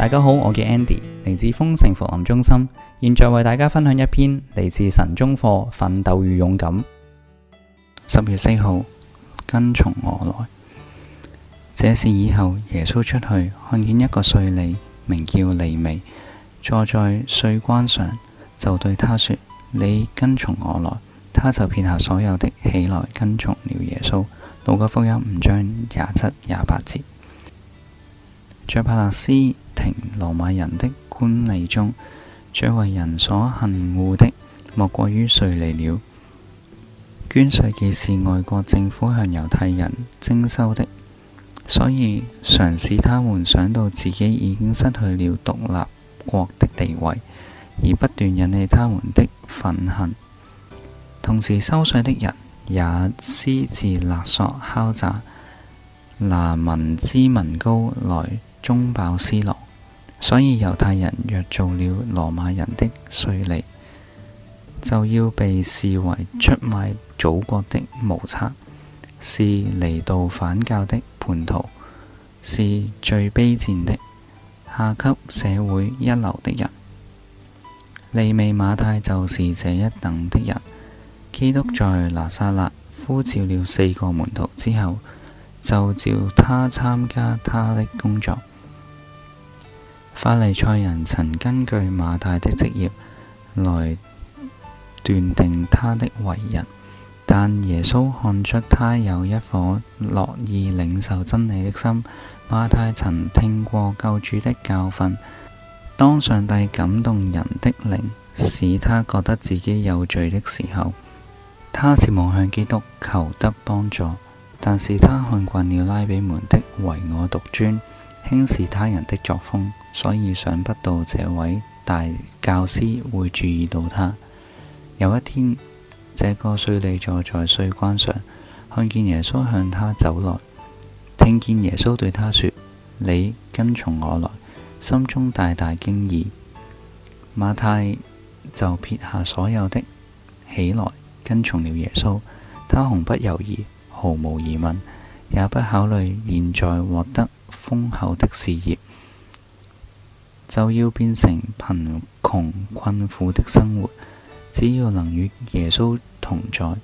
大家好，我叫 Andy，嚟自豐盛福臨中心，現在為大家分享一篇嚟自神中課《奮鬥與勇敢》。十月四號，跟從我來。這事以後耶穌出去，看見一個稅吏，名叫利未，坐在稅關上，就對他說：你跟從我來。他就撇下所有的，起來跟從了耶穌。路加福音五章廿七廿八節。約帕納斯。羅馬人的官吏中，最為人所恨惡的莫過於稅吏了。捐稅既是外國政府向猶太人徵收的，所以常使他們想到自己已經失去了獨立國的地位，而不斷引起他們的憤恨。同時，收稅的人也私自勒索敲詐，拿民脂民膏來中飽私囊。所以猶太人若做了羅馬人的稅吏，就要被視為出賣祖國的奴賊，是離道反教的叛徒，是最卑賤的下級社會一流的人。利未馬太就是這一等的人。基督在拿撒勒呼召了四個門徒之後，就召他參加他的工作。法利賽人曾根據馬太的職業來斷定他的為人，但耶穌看出他有一顆樂意領受真理的心。馬太曾聽過救主的教訓，當上帝感動人的靈使他覺得自己有罪的時候，他是望向基督求得幫助。但是他看慣了拉比們的唯我獨尊、輕視他人的作風。所以想不到這位大教師會注意到他。有一天，這個稅吏坐在稅關上，看見耶穌向他走來，聽見耶穌對他說：“你跟從我來。”心中大大驚異。馬太就撇下所有的起來跟從了耶穌。他毫不猶豫，毫無疑問，也不考慮現在獲得豐厚的事業。就要變成貧窮困苦的生活，只要能與耶穌同在，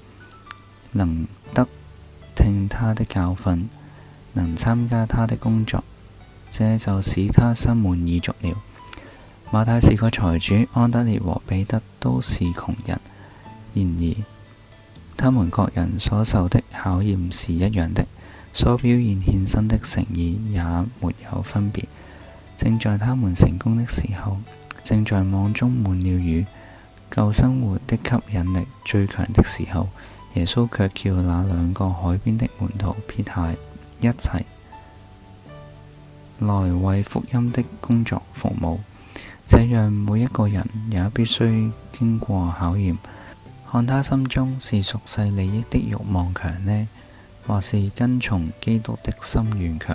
能得聽他的教訓，能參加他的工作，這就使他心滿意足了。馬太是個財主，安德烈和彼得都是窮人，然而他們各人所受的考驗是一樣的，所表現獻身的誠意也沒有分別。正在他們成功的時候，正在網中滿了魚，舊生活的吸引力最強的時候，耶穌却叫那兩個海邊的門徒撇下一齊來為福音的工作服務，這讓每一個人也必須經過考驗，看他心中是俗世利益的欲望強呢，或是跟從基督的心願強。